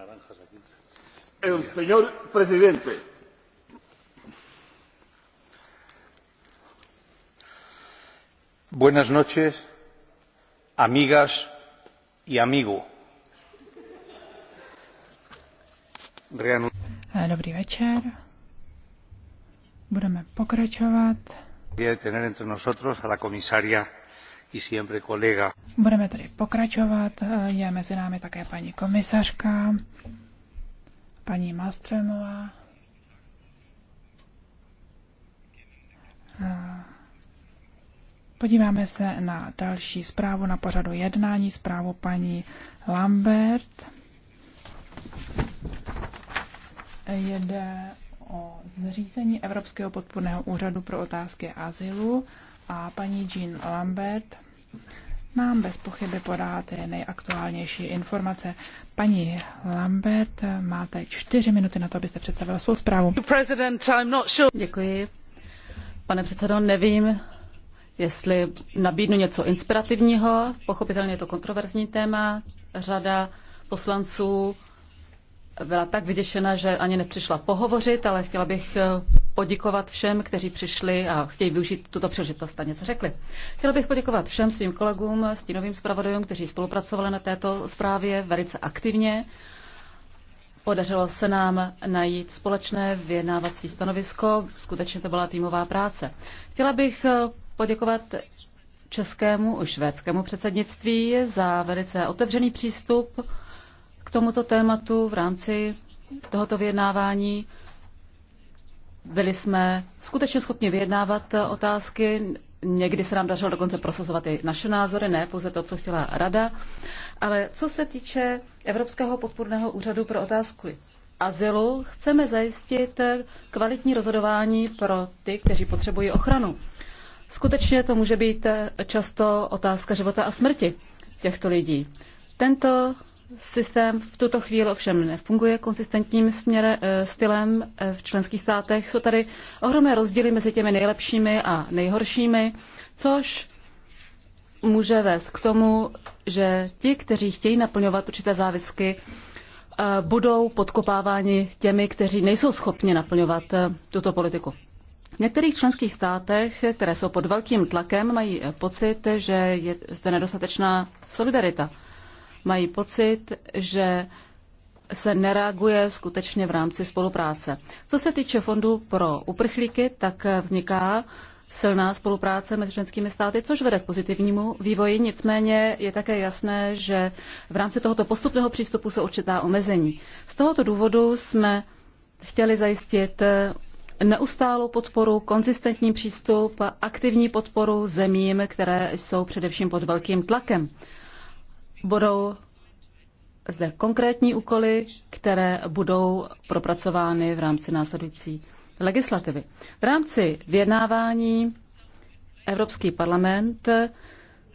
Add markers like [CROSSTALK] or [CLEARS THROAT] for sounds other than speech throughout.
naranjas aquí. El señor presidente. Buenas noches, amigas y amigo. Eh, dobrý večer. Budeme pokračovat. Tener entre nosotros a la comisaria Budeme tedy pokračovat. Je mezi námi také paní komisařka, paní Malstremová. Podíváme se na další zprávu na pořadu jednání, zprávu paní Lambert. Jede o zřízení Evropského podpůrného úřadu pro otázky azylu a paní Jean Lambert nám bez pochyby podá ty nejaktuálnější informace. Paní Lambert, máte čtyři minuty na to, abyste představila svou zprávu. Děkuji. Pane předsedo, nevím, jestli nabídnu něco inspirativního. Pochopitelně je to kontroverzní téma. Řada poslanců byla tak vyděšena, že ani nepřišla pohovořit, ale chtěla bych poděkovat všem, kteří přišli a chtějí využít tuto příležitost a něco řekli. Chtěla bych poděkovat všem svým kolegům, stínovým zpravodajům, kteří spolupracovali na této zprávě velice aktivně. Podařilo se nám najít společné vyjednávací stanovisko, skutečně to byla týmová práce. Chtěla bych poděkovat českému i švédskému předsednictví za velice otevřený přístup k tomuto tématu v rámci tohoto vyjednávání. Byli jsme skutečně schopni vyjednávat eh, otázky, někdy se nám dařilo dokonce prosazovat i naše názory, ne pouze to, co chtěla rada. Ale co se týče Evropského podpůrného úřadu pro otázku azylu, chceme zajistit eh, kvalitní rozhodování pro ty, kteří potřebují ochranu. Skutečně to může být eh, často otázka života a smrti těchto lidí. Tento systém v tuto chvíli ovšem nefunguje konsistentním směrem, eh, stylem eh, v členských státech. Jsou tady ohromné rozdíly mezi těmi nejlepšími a nejhoršími, což může vést k tomu, že ti, kteří chtějí naplňovat určité závisky, eh, budou podkopáváni těmi, kteří nejsou schopni naplňovat tuto politiku. V některých členských státech, které jsou pod velkým tlakem, mají pocit, že je zde nedostatečná solidarita mají pocit, že se nereaguje skutečně v rámci spolupráce. Co se týče fondu pro uprchlíky, tak vzniká silná spolupráce mezi členskými státy, což vede k pozitivnímu vývoji. Nicméně je také jasné, že v rámci tohoto postupného přístupu jsou určitá omezení. Z tohoto důvodu jsme chtěli zajistit neustálou podporu, konzistentní přístup, aktivní podporu zemím, které jsou především pod velkým tlakem. Budou zde konkrétní úkoly, které budou propracovány v rámci následující legislativy. V rámci vyjednávání Evropský parlament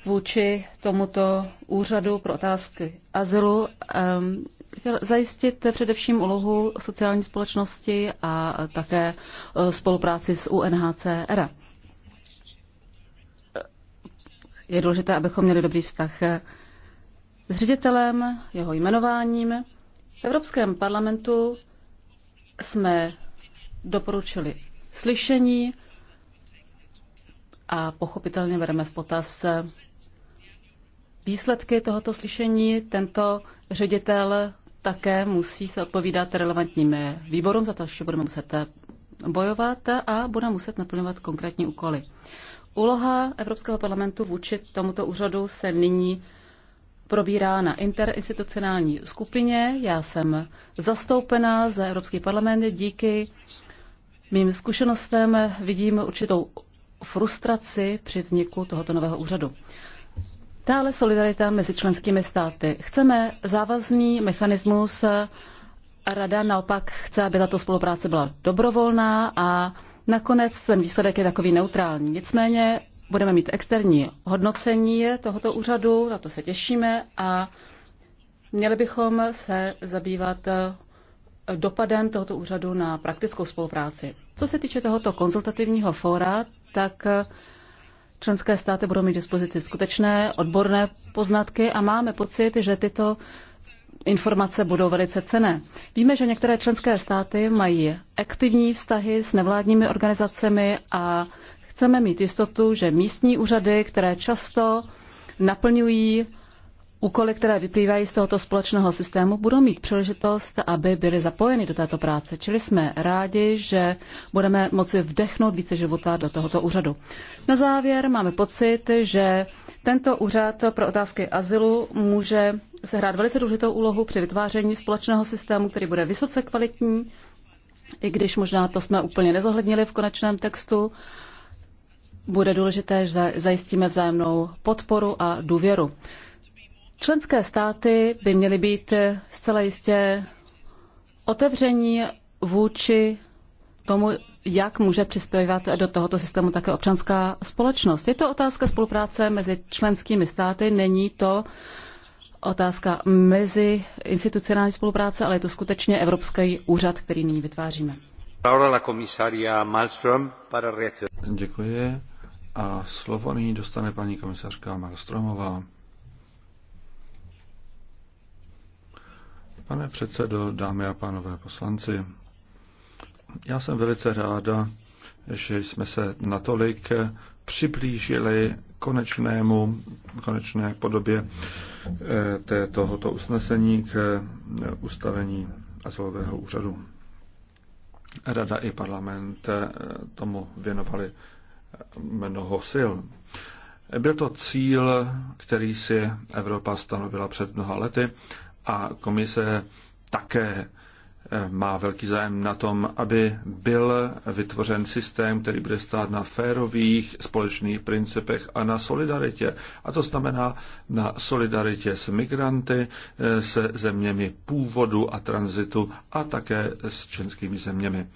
vůči tomuto úřadu pro otázky azylu ehm, chtěl zajistit především úlohu sociální společnosti a také e, spolupráci s UNHCR. Je důležité, abychom měli dobrý vztah s ředitelem, jeho jmenováním. V Evropském parlamentu jsme doporučili slyšení a pochopitelně bereme v potaz výsledky tohoto slyšení. Tento ředitel také musí se odpovídat relevantním výborům, za to že budeme muset bojovat a bude muset naplňovat konkrétní úkoly. Úloha Evropského parlamentu vůči tomuto úřadu se nyní probírá na interinstitucionální skupině. Já jsem zastoupená za Evropský parlament. Díky mým zkušenostem vidím určitou frustraci při vzniku tohoto nového úřadu. Dále solidarita mezi členskými státy. Chceme závazný mechanismus. Rada naopak chce, aby tato spolupráce byla dobrovolná a nakonec ten výsledek je takový neutrální. Nicméně budeme mít externí hodnocení tohoto úřadu, na to se těšíme a měli bychom se zabývat eh, dopadem tohoto úřadu na praktickou spolupráci. Co se týče tohoto konzultativního fóra, tak eh, členské státy budou mít dispozici skutečné odborné poznatky a máme pocit, že tyto informace budou velice cené. Víme, že některé členské státy mají aktivní vztahy s nevládními organizacemi a Chceme mít jistotu, že místní úřady, které často naplňují úkoly, které vyplývají z tohoto společného systému, budou mít příležitost, aby byly zapojeny do této práce. Čili jsme rádi, že budeme moci vdechnout více života do tohoto úřadu. Na závěr máme pocit, že tento úřad pro otázky azylu může sehrát velice důležitou úlohu při vytváření společného systému, který bude vysoce kvalitní, i když možná to jsme úplně nezohlednili v konečném textu bude důležité, že zajistíme vzájemnou podporu a důvěru. Členské státy by měly být zcela jistě otevření vůči tomu, jak může přispívat do tohoto systému také občanská společnost. Je to otázka spolupráce mezi členskými státy, není to otázka mezi institucionální spolupráce, ale je to skutečně Evropský úřad, který nyní vytváříme. Děkuji. A slovo nyní dostane paní komisařka Marstromová. Pane předsedo, dámy a pánové poslanci, já jsem velice ráda, že jsme se natolik přiblížili konečnému, konečné podobě eh, té, tohoto usnesení k eh, ustavení azylového úřadu. Rada i parlament eh, tomu věnovali mnoho sil. Byl to cíl, který si Evropa stanovila před mnoha lety a komise také eh, má velký zájem na tom, aby byl vytvořen systém, který bude stát na férových společných principech a na solidaritě. A to znamená na solidaritě s migranty, eh, se zeměmi původu a tranzitu a také s členskými zeměmi.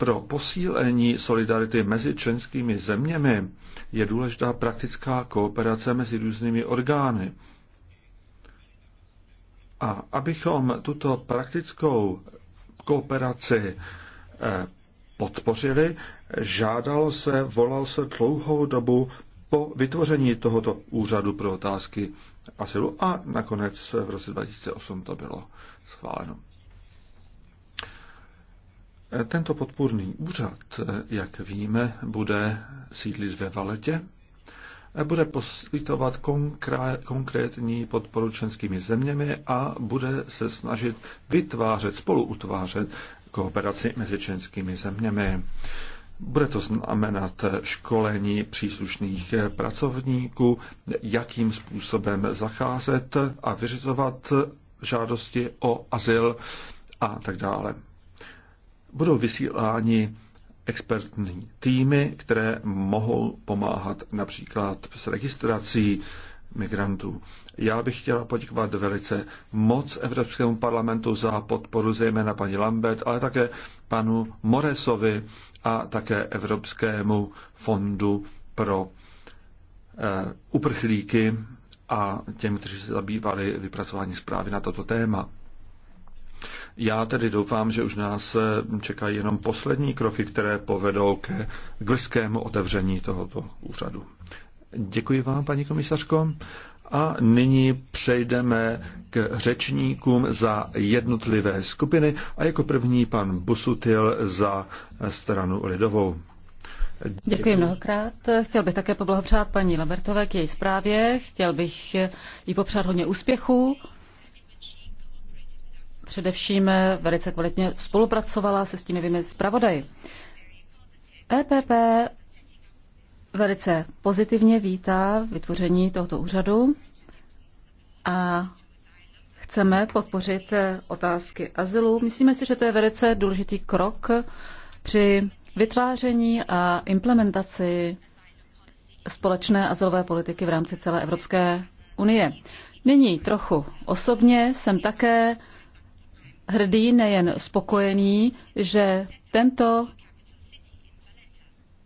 Pro posílení solidarity mezi členskými zeměmi je důležitá praktická kooperace mezi různými orgány. A abychom tuto praktickou kooperaci eh, podpořili, žádalo se, volal se dlouhou dobu po vytvoření tohoto úřadu pro otázky asilu a nakonec v roce 2008 to bylo schváleno. Tento podpůrný úřad, jak víme, bude sídlit ve Valetě, bude poskytovat konkrétní podporu členskými zeměmi a bude se snažit vytvářet, spoluutvářet kooperaci mezi členskými zeměmi. Bude to znamenat školení příslušných pracovníků, jakým způsobem zacházet a vyřizovat žádosti o azyl a tak dále budou vysíláni expertní týmy, které mohou pomáhat například s registrací migrantů. Já bych chtěla poděkovat velice moc Evropskému parlamentu za podporu zejména paní Lambert, ale také panu Moresovi a také Evropskému fondu pro eh, uprchlíky a těm, kteří se zabývali vypracování zprávy na toto téma. Já tedy doufám, že už nás eh, čekají jenom poslední kroky, které povedou ke glskému otevření tohoto úřadu. Děkuji vám, paní komisařko. A nyní přejdeme k řečníkům za jednotlivé skupiny a jako první pan Busutil za eh, stranu lidovou. Děkuji. Děkuji mnohokrát. Chtěl bych také poblahopřát paní Labertové k její zprávě. Chtěl bych jí popřát hodně úspěchů především velice kvalitně spolupracovala se stínovými zpravodaji. EPP velice pozitivně vítá vytvoření tohoto úřadu a chceme podpořit otázky azylu. Myslíme si, že to je velice důležitý krok při vytváření a implementaci společné azylové politiky v rámci celé Evropské unie. Nyní trochu osobně jsem také hrdý, nejen spokojený, že tento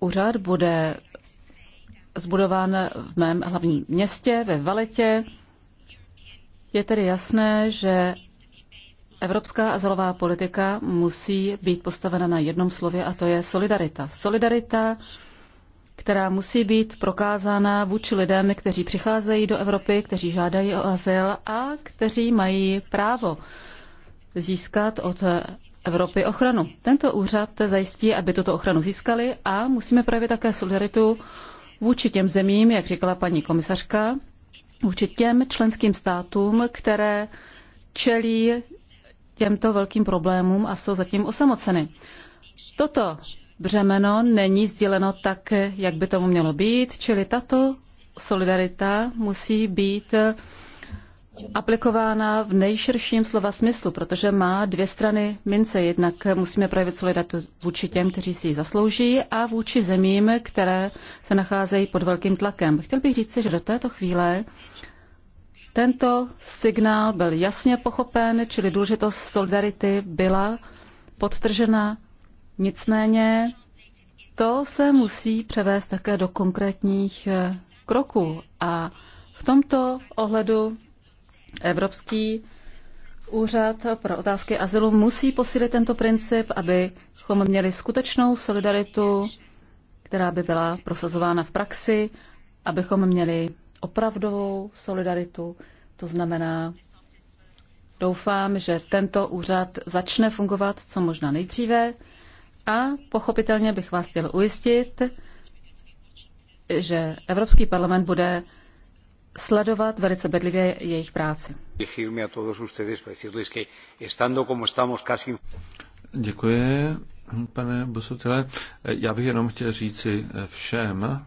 úřad bude zbudován v mém hlavním městě, ve Valetě. Je tedy jasné, že evropská azylová politika musí být postavena na jednom slově a to je solidarita. Solidarita, která musí být prokázána vůči lidem, kteří přicházejí do Evropy, kteří žádají o azyl a kteří mají právo získat od Evropy ochranu. Tento úřad zajistí, aby tuto ochranu získali a musíme projevit také solidaritu vůči těm zemím, jak říkala paní komisařka, vůči těm členským státům, které čelí těmto velkým problémům a jsou zatím osamoceny. Toto břemeno není sděleno tak, jak by tomu mělo být, čili tato solidarita musí být aplikována v nejširším slova smyslu, protože má dvě strany mince. Jednak musíme projevit solidaritu vůči těm, kteří si ji zaslouží a vůči zemím, které se nacházejí pod velkým tlakem. Chtěl bych říct, že do této chvíle tento signál byl jasně pochopen, čili důležitost solidarity byla podtržena. Nicméně to se musí převést také do konkrétních kroků a v tomto ohledu Evropský úřad pro otázky azylu musí posílit tento princip, abychom měli skutečnou solidaritu, která by byla prosazována v praxi, abychom měli opravdovou solidaritu. To znamená, doufám, že tento úřad začne fungovat co možná nejdříve a pochopitelně bych vás chtěl ujistit, že Evropský parlament bude sledovat velice bedlivě jejich práci. Děkuji, pane Bosutile. Já bych jenom chtěl říci všem,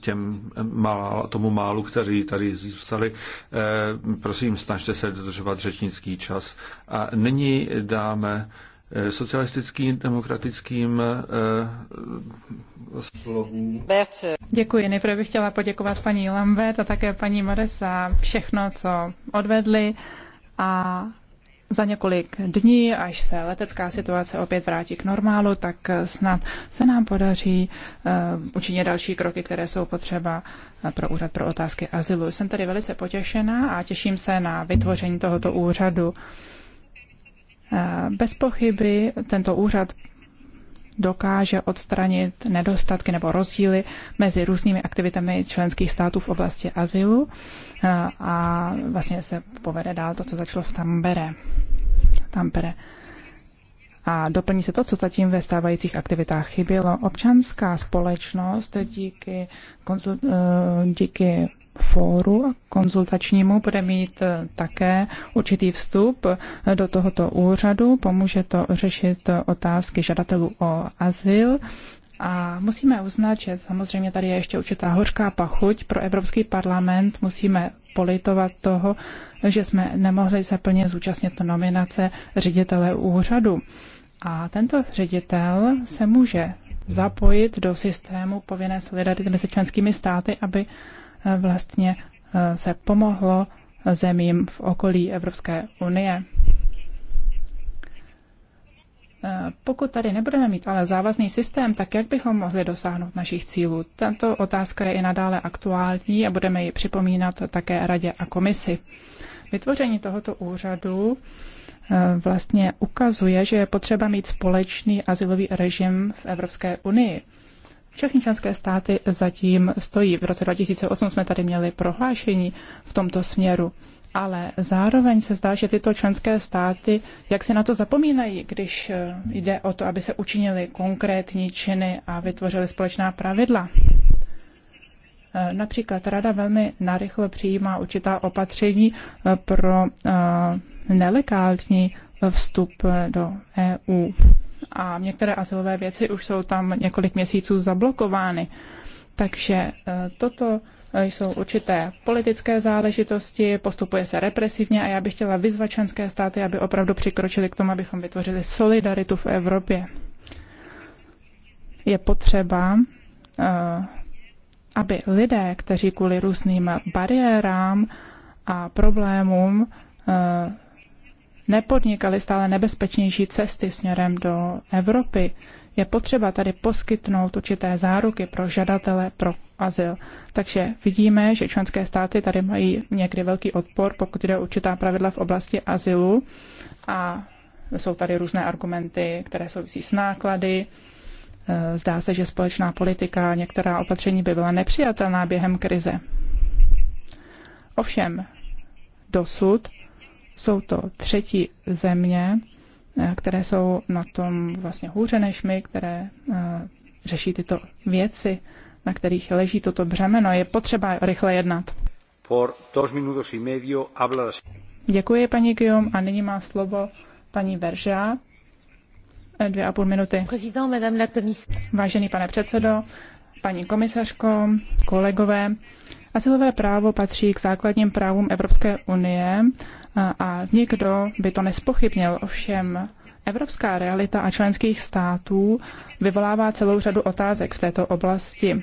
těm malá, tomu málu, kteří tady zůstali, eh, prosím, snažte se dodržovat řečnický čas. A nyní dáme Eh, socialistickým demokratickým eh, slovům. Děkuji. Nejprve bych chtěla poděkovat paní Lambert a také paní Mores za všechno, co odvedli a za několik dní, až se letecká situace opět vrátí k normálu, tak snad se nám podaří eh, učinit další kroky, které jsou potřeba pro úřad pro otázky azylu. Jsem tedy velice potěšená a těším se na vytvoření tohoto úřadu. Eh, bez pochyby tento úřad dokáže odstranit nedostatky nebo rozdíly mezi různými aktivitami členských států v oblasti azylu eh, a vlastně se povede dál to, co začalo v Tampere. Tampere. A doplní se to, co zatím ve stávajících aktivitách chybělo. Občanská společnost díky, konzul, eh, díky fóru konzultačnímu bude mít eh, také určitý vstup eh, do tohoto úřadu. Pomůže to řešit eh, otázky žadatelů o azyl. A musíme uznat, že samozřejmě tady je ještě určitá hořká pachuť pro Evropský parlament. Musíme politovat toho, že jsme nemohli se plně zúčastnit nominace ředitele úřadu. A tento ředitel se může zapojit do systému povinné solidarity mezi členskými státy, aby Eh, vlastně eh, se pomohlo zemím v okolí Evropské unie. Eh, pokud tady nebudeme mít ale závazný systém, tak jak bychom mohli dosáhnout našich cílů? Tato otázka je i nadále aktuální a budeme ji připomínat také Radě a komisi. Vytvoření tohoto úřadu vlastně ukazuje, že je potřeba mít společný azylový režim v Evropské unii. Všechny členské státy zatím stojí. V roce 2008 jsme tady měli prohlášení v tomto směru. Ale zároveň se zdá, že tyto členské státy, jak se na to zapomínají, když eh, jde o to, aby se učinili konkrétní činy a vytvořili společná pravidla. Eh, například rada velmi narychle přijímá určitá opatření eh, pro nelegální vstup do EU a některé asilové věci už jsou tam několik měsíců zablokovány. Takže e, toto e, jsou určité politické záležitosti, postupuje se represivně a já bych chtěla vyzvat členské státy, aby opravdu přikročili k tomu, abychom vytvořili solidaritu v Evropě. Je potřeba, e, aby lidé, kteří kvůli různým bariérám a problémům Nepodnikali stále nebezpečnější cesty směrem do Evropy, je potřeba tady poskytnout určité záruky pro žadatele pro azyl. Takže vidíme, že členské státy tady mají někdy velký odpor, pokud jde o určitá pravidla v oblasti azylu a jsou tady různé argumenty, které souvisí s náklady. E, zdá se, že společná politika a některá opatření by byla nepřijatelná během krize. Ovšem, dosud jsou to třetí země, eh, které jsou na tom vlastně hůře než my, které eh, řeší tyto věci, na kterých leží toto břemeno. Je potřeba rychle jednat. Por dos minutos y medio habla la... Děkuji, paní Guillaume, a nyní má slovo paní Veržá. Eh, dvě a půl minuty. Vážený pane předsedo, paní komisařko, kolegové, asilové právo patří k základním právům Evropské unie a nikdo by to nespochybnil. Ovšem evropská realita a členských států vyvolává celou řadu otázek v této oblasti.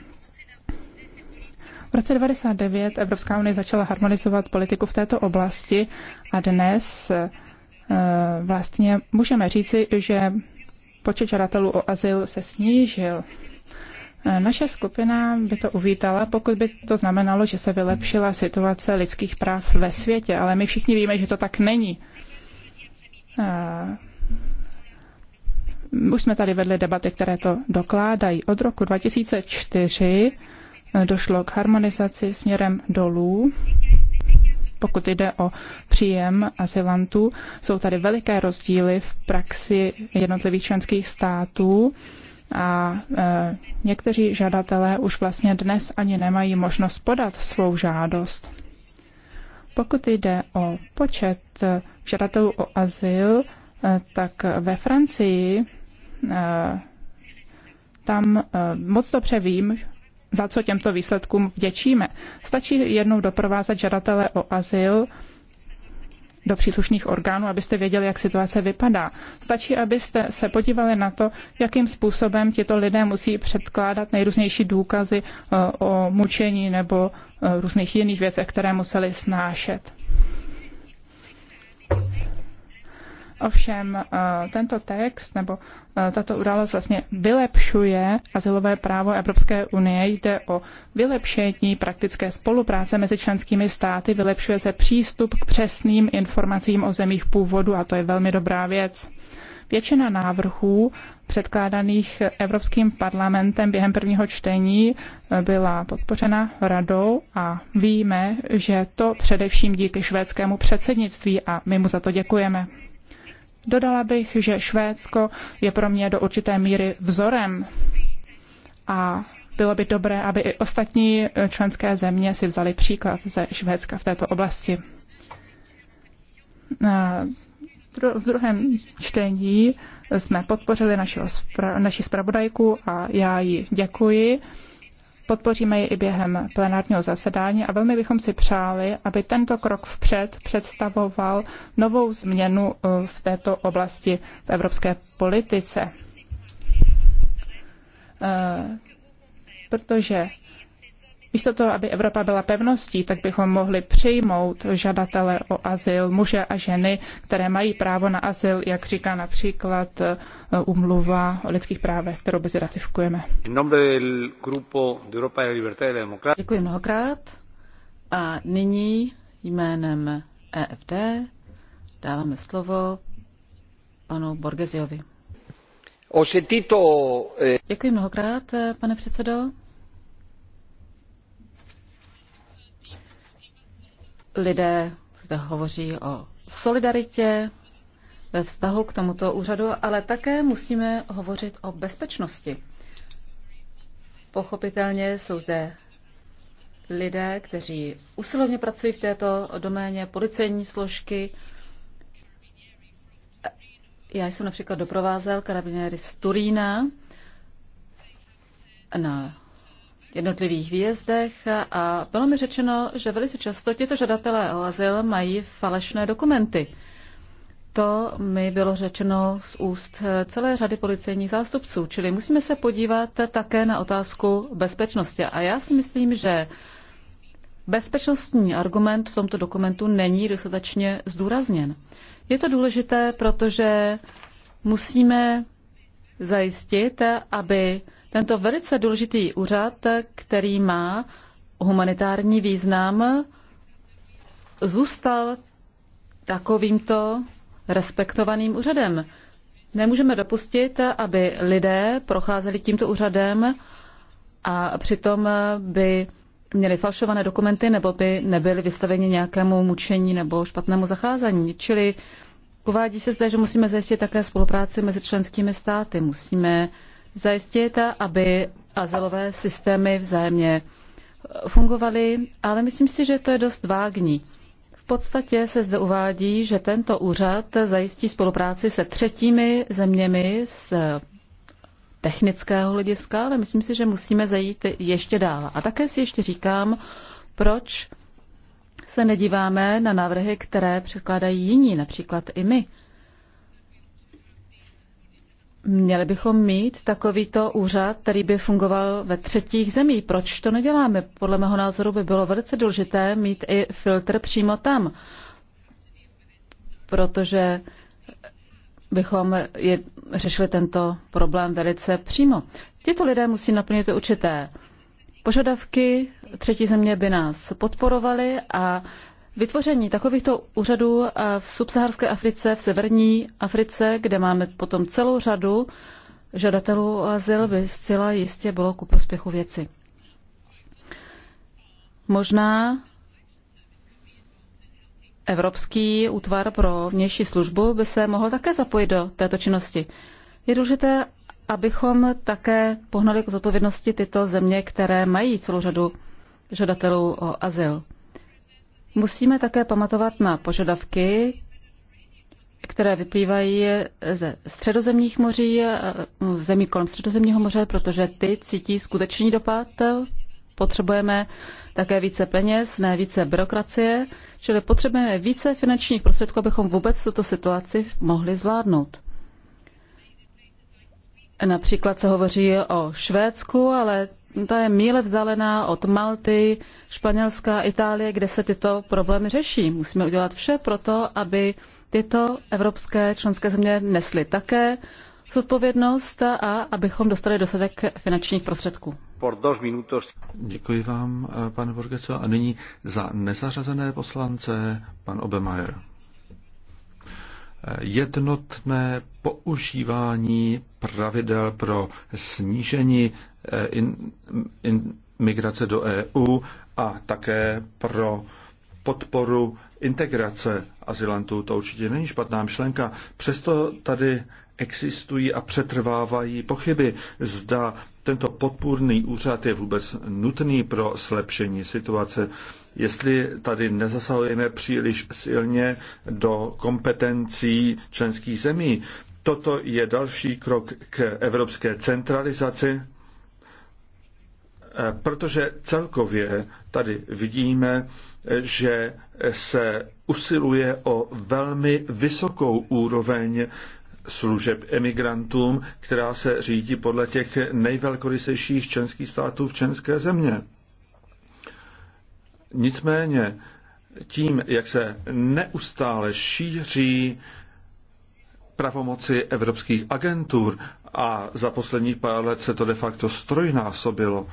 V roce 1999 Evropská unie začala harmonizovat politiku v této oblasti a dnes eh, vlastně můžeme říci, že počet žadatelů o azyl se snížil. Naše skupina by to uvítala, pokud by to znamenalo, že se vylepšila situace lidských práv ve světě, ale my všichni víme, že to tak není. Už jsme tady vedli debaty, které to dokládají. Od roku 2004 e, došlo k harmonizaci směrem dolů pokud jde o příjem asilantů, Jsou tady veliké rozdíly v praxi jednotlivých členských států a e, někteří žadatelé už vlastně dnes ani nemají možnost podat svou žádost. Pokud jde o počet e, žadatelů o azyl, e, tak ve Francii e, tam e, moc dobře vím, za co těmto výsledkům vděčíme. Stačí jednou doprovázet žadatele o azyl do příslušných orgánů, abyste věděli, jak situace vypadá. Stačí, abyste se podívali na to, jakým způsobem tito lidé musí předkládat nejrůznější důkazy eh, o mučení nebo eh, různých jiných věcech, které museli snášet. Ovšem eh, tento text nebo eh, tato událost vlastně vylepšuje asilové právo Evropské unie. Jde o vylepšení praktické spolupráce mezi členskými státy, vylepšuje se přístup k přesným informacím o zemích původu a to je velmi dobrá věc. Většina návrhů předkládaných Evropským parlamentem během prvního čtení eh, byla podpořena radou a víme, že to především díky švédskému předsednictví a my mu za to děkujeme. Dodala bych, že Švédsko je pro mě do určité míry vzorem a bylo by dobré, aby i ostatní členské země si vzali příklad ze Švédska v této oblasti. V druhém čtení jsme podpořili naši, naši spravodajku a já jí děkuji. Podpoříme ji i během plenárního zasedání a velmi bychom si přáli, aby tento krok vpřed představoval novou změnu eh, v této oblasti v evropské politice. Eh, protože Místo toho, aby Evropa byla pevností, tak bychom mohli přijmout žadatele o azyl, muže a ženy, které mají právo na azyl, jak říká například eh, umluva o lidských právech, kterou bez ratifikujeme. Děkuji mnohokrát. A nyní jménem EFD dáváme slovo panu Borgesiovi. Eh, Děkuji mnohokrát, eh, pane předsedo. lidé zde hovoří o solidaritě ve vztahu k tomuto úřadu, ale také musíme hovořit o bezpečnosti. Pochopitelně jsou zde lidé, kteří usilovně pracují v této doméně, policejní složky. Já jsem například doprovázel karabinéry z Turína na jednotlivých výjezdech a bylo mi řečeno, že velice často tyto žadatelé o azyl mají falešné dokumenty. To mi bylo řečeno z úst celé řady policejních zástupců, čili musíme se podívat také na otázku bezpečnosti. A já si myslím, že bezpečnostní argument v tomto dokumentu není dostatečně zdůrazněn. Je to důležité, protože musíme zajistit, aby tento velice důležitý úřad, který má humanitární význam, zůstal takovýmto respektovaným úřadem. Nemůžeme dopustit, aby lidé procházeli tímto úřadem a přitom by měli falšované dokumenty nebo by nebyli vystaveni nějakému mučení nebo špatnému zacházení. Čili uvádí se zde, že musíme zajistit také spolupráci mezi členskými státy. Musíme zajistit, aby azylové systémy vzájemně fungovaly, ale myslím si, že to je dost vágní. V podstatě se zde uvádí, že tento úřad zajistí spolupráci se třetími zeměmi z technického hlediska, ale myslím si, že musíme zajít ještě dál. A také si ještě říkám, proč se nedíváme na návrhy, které překládají jiní, například i my. Měli bychom mít takovýto úřad, který by fungoval ve třetích zemích. Proč to neděláme? Podle mého názoru by bylo velice důležité mít i filtr přímo tam, protože bychom je, řešili tento problém velice přímo. Tito lidé musí naplnit určité požadavky, třetí země by nás podporovaly a Vytvoření takovýchto úřadů eh, v subsaharské Africe, v severní Africe, kde máme potom celou řadu žadatelů o azyl, by zcela jistě bylo ku prospěchu věci. Možná Evropský útvar pro vnější službu by se mohl také zapojit do této činnosti. Je důležité, abychom také pohnali k zodpovědnosti tyto země, které mají celou řadu žadatelů o azyl. Musíme také pamatovat na požadavky, které vyplývají ze středozemních moří, eh, zemí kolem středozemního moře, protože ty cítí skutečný dopad. Potřebujeme také více peněz, ne více byrokracie, čili potřebujeme více finančních prostředků, abychom vůbec tuto situaci mohli zvládnout. Například se hovoří o Švédsku, ale ta je míle vzdálená od Malty, Španělska, Itálie, kde se tyto problémy řeší. Musíme udělat vše pro to, aby tyto evropské členské země nesly také zodpovědnost a abychom dostali dostatek finančních prostředků. Děkuji vám, pane Borgeco. A nyní za nezařazené poslance pan Obemajer. Jednotné používání pravidel pro snížení Eh, in, in, migrace do EU a také pro podporu integrace azylantů. To určitě není špatná myšlenka. Přesto tady existují a přetrvávají pochyby, zda tento podpůrný úřad je vůbec nutný pro zlepšení situace. Jestli tady nezasahujeme příliš silně do kompetencí členských zemí, toto je další krok k evropské centralizaci protože celkově tady vidíme, že se usiluje o velmi vysokou úroveň služeb emigrantům, která se řídí podle těch nejvelkorysejších členských států v členské země. Nicméně tím, jak se neustále šíří pravomoci evropských agentur a za posledních pár let se to de facto strojnásobilo,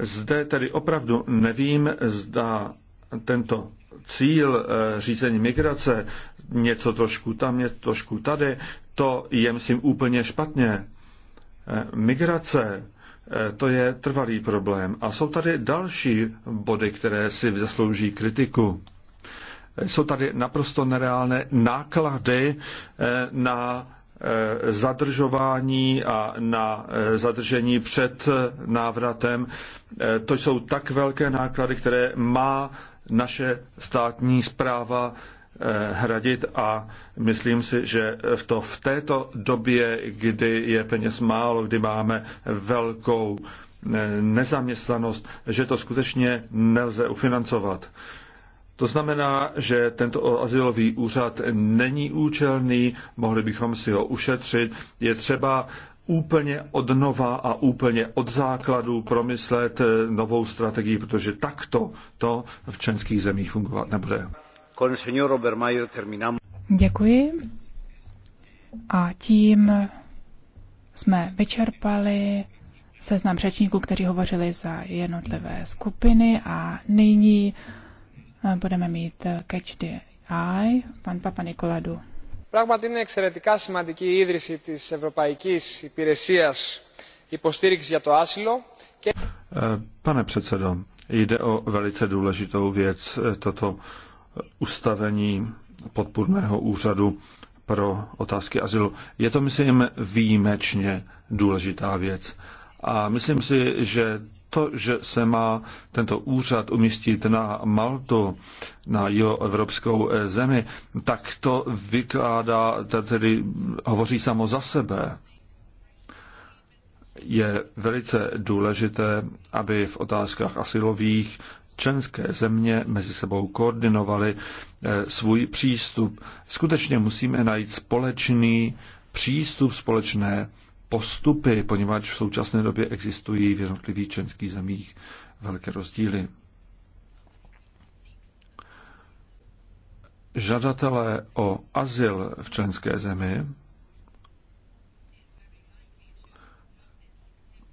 zde tedy opravdu nevím, zda tento cíl eh, řízení migrace, něco trošku tam, něco trošku tady, to je, myslím, úplně špatně. Eh, migrace, eh, to je trvalý problém. A jsou tady další body, které si zaslouží kritiku. Jsou tady naprosto nereálné náklady na Eh, zadržování a na eh, zadržení před návratem. Eh, to jsou tak velké náklady, které má naše státní zpráva hradit a myslím si, že v, to, v této době, kdy je peněz málo, kdy máme velkou nezaměstnanost, že to skutečně nelze ufinancovat. To znamená, že tento azylový úřad není účelný, mohli bychom si ho ušetřit. Je třeba úplně od nova a úplně od základu promyslet eh, novou strategii, protože takto to v členských zemích fungovat nebude. Děkuji. A tím jsme vyčerpali seznam řečníků, kteří hovořili za jednotlivé skupiny a nyní budeme mít eh, Catch the Eye, pan Papa Nikoladu. Πράγματι είναι εξαιρετικά σημαντική η ίδρυση της Ευρωπαϊκής Υπηρεσίας Υποστήριξης για το Άσυλο. Και... Pane předsedo, jde o velice důležitou věc, eh, toto eh, ustavení podpůrného úřadu pro otázky azylu. Je to, myslím, výjimečně důležitá věc. A myslím si, že to, že se má tento úřad umístit na Maltu, na jeho evropskou eh, zemi, tak to vykládá, tedy hovoří samo za sebe. Je velice důležité, aby v otázkách asilových členské země mezi sebou koordinovaly eh, svůj přístup. Skutečně musíme najít společný přístup, společné postupy, poněvadž v současné době existují v jednotlivých členských zemích velké rozdíly. Žadatelé o azyl v členské zemi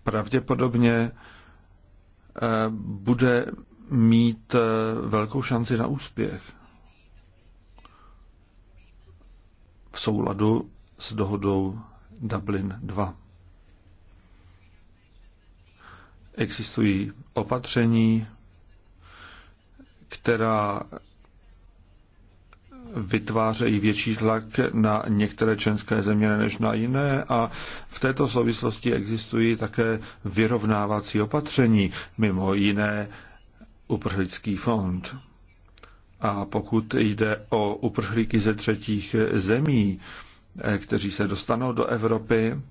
pravděpodobně eh, bude mít eh, velkou šanci na úspěch v souladu s dohodou Dublin 2. Existují opatření, která vytvářejí větší tlak na některé členské země než na jiné a v této souvislosti existují také vyrovnávací opatření, mimo jiné uprchlický fond. A pokud jde o uprchlíky ze třetích zemí, Eh, kteří se dostanou do Evropy.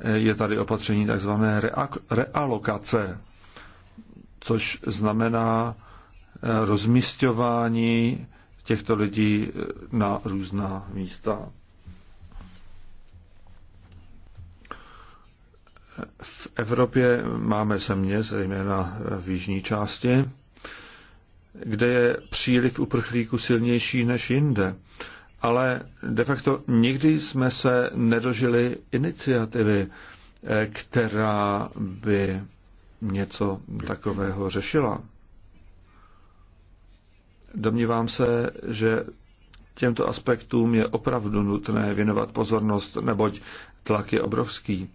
Eh, je tady opatření tzv. realokace, což znamená eh, rozmístování těchto lidí na různá místa. V Evropě máme země, zejména v jižní části, kde je příliv uprchlíků silnější než jinde ale de facto nikdy jsme se nedožili iniciativy, eh, která by něco takového řešila. Domnívám se, že těmto aspektům je opravdu nutné věnovat pozornost, neboť tlak je obrovský.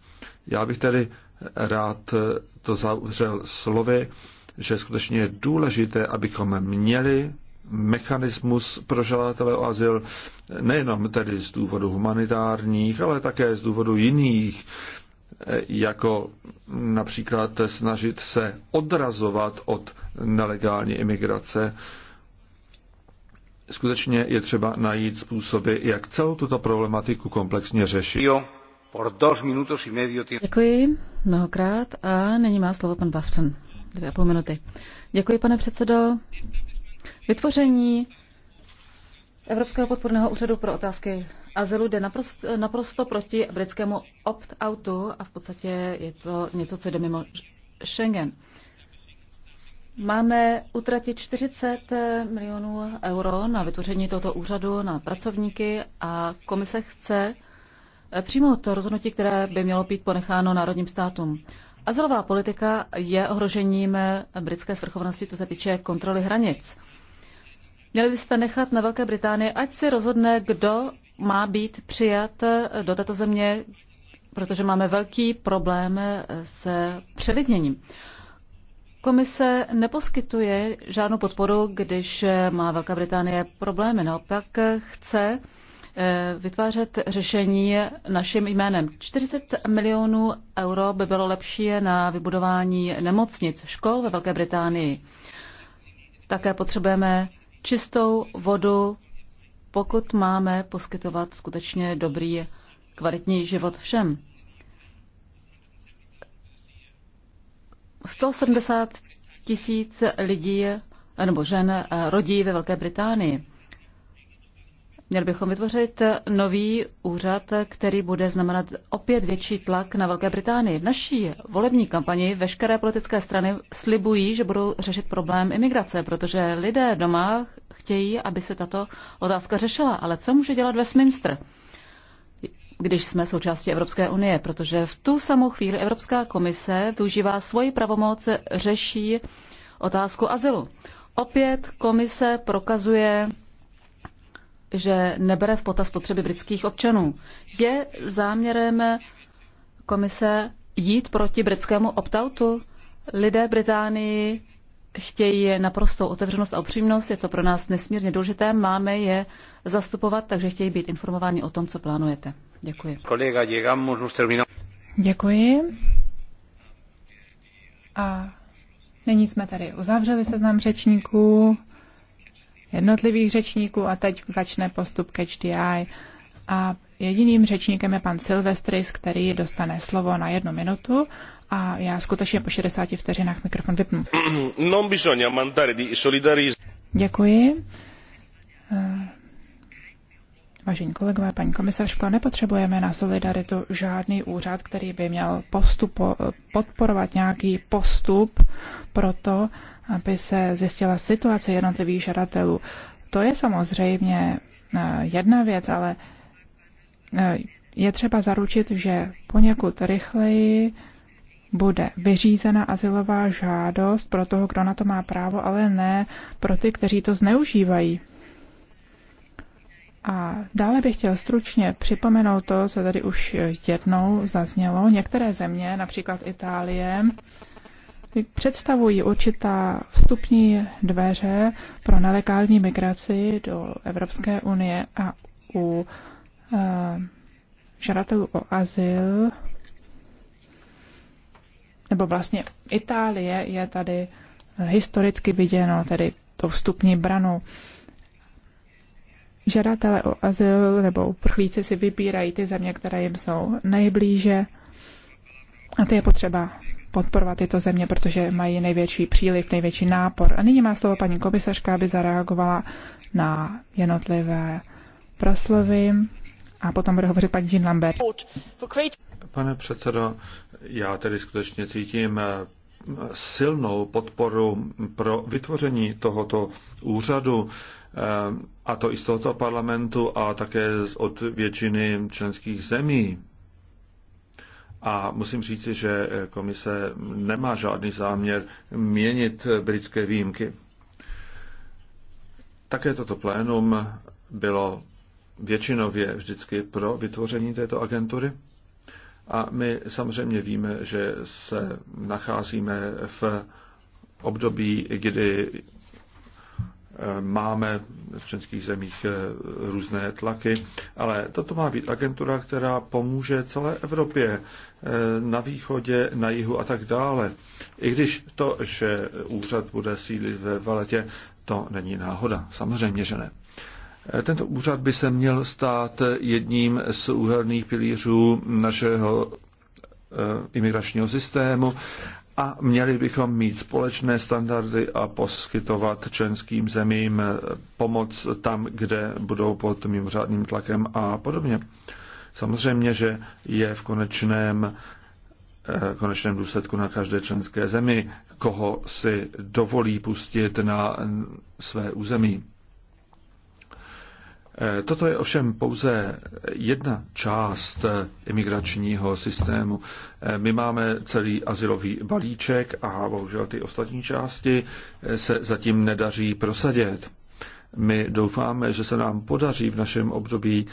Já bych tedy rád to zavřel slovy, že skutečně je důležité, abychom měli mechanismus pro žadatele o azyl nejenom tedy z důvodu humanitárních, ale také z důvodu jiných, jako například snažit se odrazovat od nelegální imigrace. Skutečně je třeba najít způsoby, jak celou tuto problematiku komplexně řešit. Děkuji mnohokrát a nyní má slovo pan Bavton. Dvě a půl minuty. Děkuji, pane předsedo. Vytvoření Evropského podporného úřadu pro otázky azylu jde naprosto, naprosto proti britskému opt-outu a v podstatě je to něco, co jde mimo Schengen. Máme utratit 40 milionů euro na vytvoření tohoto úřadu, na pracovníky a komise chce přijmout to rozhodnutí, které by mělo být ponecháno národním státům. Azylová politika je ohrožením britské svrchovanosti, co se týče kontroly hranic. Měli byste nechat na Velké Británii, ať si rozhodne, kdo má být přijat eh, do této země, protože máme velký problém eh, se přelidněním. Komise neposkytuje žádnou podporu, když eh, má Velká Británie problémy. Naopak chce vytvářet řešení naším jménem. 40 milionů euro by bylo lepší na vybudování nemocnic, škol ve Velké Británii. Také potřebujeme čistou vodu, pokud máme poskytovat skutečně dobrý, kvalitní život všem. 170 tisíc lidí eh, nebo žen eh, rodí ve Velké Británii. Měli bychom vytvořit nový úřad, který bude znamenat opět větší tlak na Velké Británii. V naší volební kampani veškeré politické strany slibují, že budou řešit problém imigrace, protože lidé doma chtějí, aby se tato otázka řešila. Ale co může dělat Westminster? když jsme součástí Evropské unie, protože v tu samou chvíli Evropská komise využívá svoji pravomoc, řeší otázku azylu. Opět komise prokazuje že nebere v potaz potřeby britských občanů. Je záměrem komise jít proti britskému optautu? Lidé Británii chtějí naprostou otevřenost a upřímnost, je to pro nás nesmírně důležité, máme je zastupovat, takže chtějí být informováni o tom, co plánujete. Děkuji. Kolega, llegamos, Děkuji. A nyní jsme tady uzavřeli seznam řečníků jednotlivých řečníků a teď začne postup Catch the Eye. A jediným řečníkem je pan Silvestris, který dostane slovo na jednu minutu a já skutečně po 60 vteřinách mikrofon vypnu. [CLEARS THROAT] Non bisogna mandare di solidarismo. Děkuji. Vážení kolegové, paní komisařko, nepotřebujeme na solidaritu žádný úřad, který by měl postupo, podporovat nějaký postup pro to, aby se zjistila situace jednotlivých žadatelů. To je samozřejmě eh, jedna věc, ale eh, je třeba zaručit, že poněkud rychleji bude vyřízena asilová žádost pro toho, kdo na to má právo, ale ne pro ty, kteří to zneužívají. A dále bych chtěl stručně připomenout to, co tady už jednou zaznělo. Některé země, například Itálie, představují určitá vstupní dveře pro nelegální migraci do Evropské unie a u uh, žadatelů o azyl, nebo vlastně Itálie je tady historicky viděno, tedy tou vstupní branou žadatelé o azyl nebo uprchlíci si vybírají ty země, které jim jsou nejblíže a to je potřeba podporovat tyto země, protože mají největší příliv, největší nápor. A nyní má slovo paní komisařka, aby zareagovala na jednotlivé proslovy a potom bude hovořit paní Jean Lambert. Pane předsedo, já tedy skutečně cítím eh, silnou podporu pro vytvoření tohoto úřadu Eh, a to i z tohoto parlamentu a také od většiny členských zemí. A musím říct, že eh, komise nemá žádný záměr měnit britské výjimky. Také toto plénum bylo většinově vždycky pro vytvoření této agentury. A my samozřejmě víme, že se nacházíme v období, kdy máme v českých zemích eh, různé tlaky, ale toto má být agentura, která pomůže celé Evropě, eh, na východě, na jihu a tak dále. I když to, že úřad bude sílit ve Valetě, to není náhoda. Samozřejmě, že ne. Eh, tento úřad by se měl stát jedním z úhelných pilířů našeho imigračního systému a měli bychom mít společné standardy a poskytovat členským zemím pomoc tam, kde budou pod mimořádným tlakem a podobně. Samozřejmě, že je v konečném, eh, konečném důsledku na každé členské zemi, koho si dovolí pustit na své území. Eh, toto je ovšem pouze jedna část eh, imigračního systému. Eh, my máme celý asilový balíček a bohužel ty ostatní části se zatím nedaří prosadit. My doufáme, že se nám podaří v našem období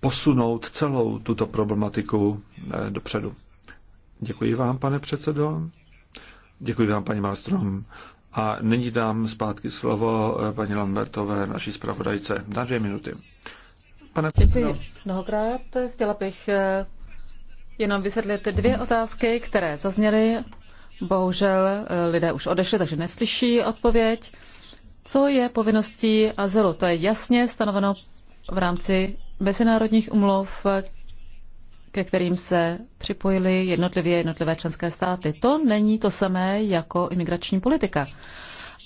posunout celou tuto problematiku dopředu. Děkuji vám, pane předsedo. Děkuji vám, paní Malstrom. A nyní dám zpátky slovo eh, paní Lambertové, naší zpravodajce, na dvě minuty. Pane Děkuji mnohokrát. Chtěla bych eh, jenom vysvětlit dvě otázky, které zazněly. Bohužel eh, lidé už odešli, takže neslyší odpověď. Co je povinností azylu? To je jasně stanoveno v rámci mezinárodních umluv, ke kterým se připojili jednotlivě jednotlivé členské státy. To není to samé jako imigrační politika.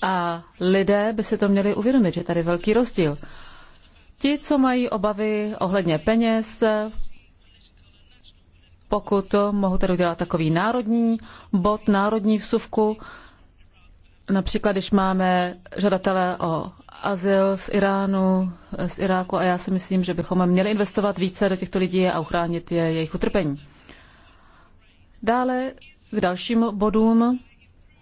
A lidé by si to měli uvědomit, že tady je velký rozdíl. Ti, co mají obavy ohledně peněz, pokud to mohu tady udělat takový národní bod, národní vsuvku, například když máme žadatele o azyl z Iránu, z Iráku a já si myslím, že bychom měli investovat více do těchto lidí a uchránit je jejich utrpení. Dále k dalším bodům.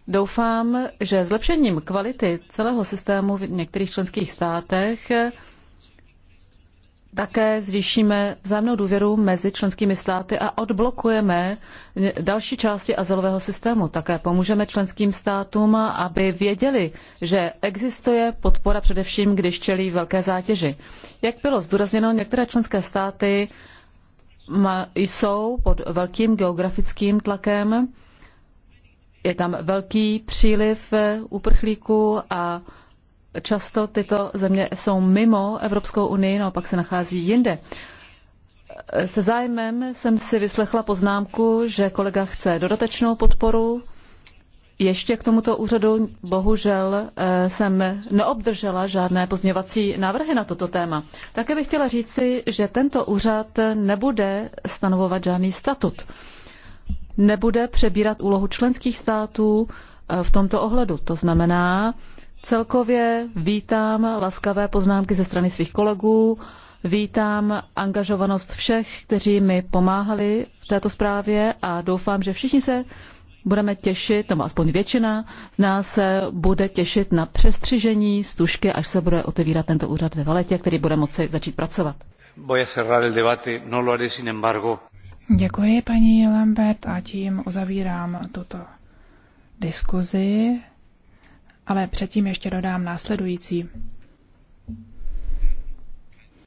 Doufám, že zlepšením kvality celého systému v některých členských státech také zvýšíme vzájemnou důvěru mezi členskými státy a odblokujeme další části azylového systému. Také pomůžeme členským státům, aby věděli, že existuje podpora především, když čelí velké zátěži. Jak bylo zdůrazněno, některé členské státy jsou pod velkým geografickým tlakem, je tam velký příliv eh, uprchlíků a Často tyto země jsou mimo Evropskou unii, no pak se nachází jinde. Se zájmem jsem si vyslechla poznámku, že kolega chce dodatečnou podporu. Ještě k tomuto úřadu bohužel eh, jsem neobdržela žádné pozměňovací návrhy na toto téma. Také bych chtěla říci, že tento úřad nebude stanovovat žádný statut. Nebude přebírat úlohu členských států eh, v tomto ohledu. To znamená, Celkově vítám laskavé poznámky ze strany svých kolegů, vítám angažovanost všech, kteří mi pomáhali v této zprávě a doufám, že všichni se budeme těšit, nebo aspoň většina z nás se bude těšit na přestřižení stužky, až se bude otevírat tento úřad ve Valetě, který bude moci začít pracovat. Voy a cerrar el debate, no lo haré sin embargo. Děkuji, paní Lambert, a tím uzavírám tuto diskuzi ale předtím ještě dodám následující.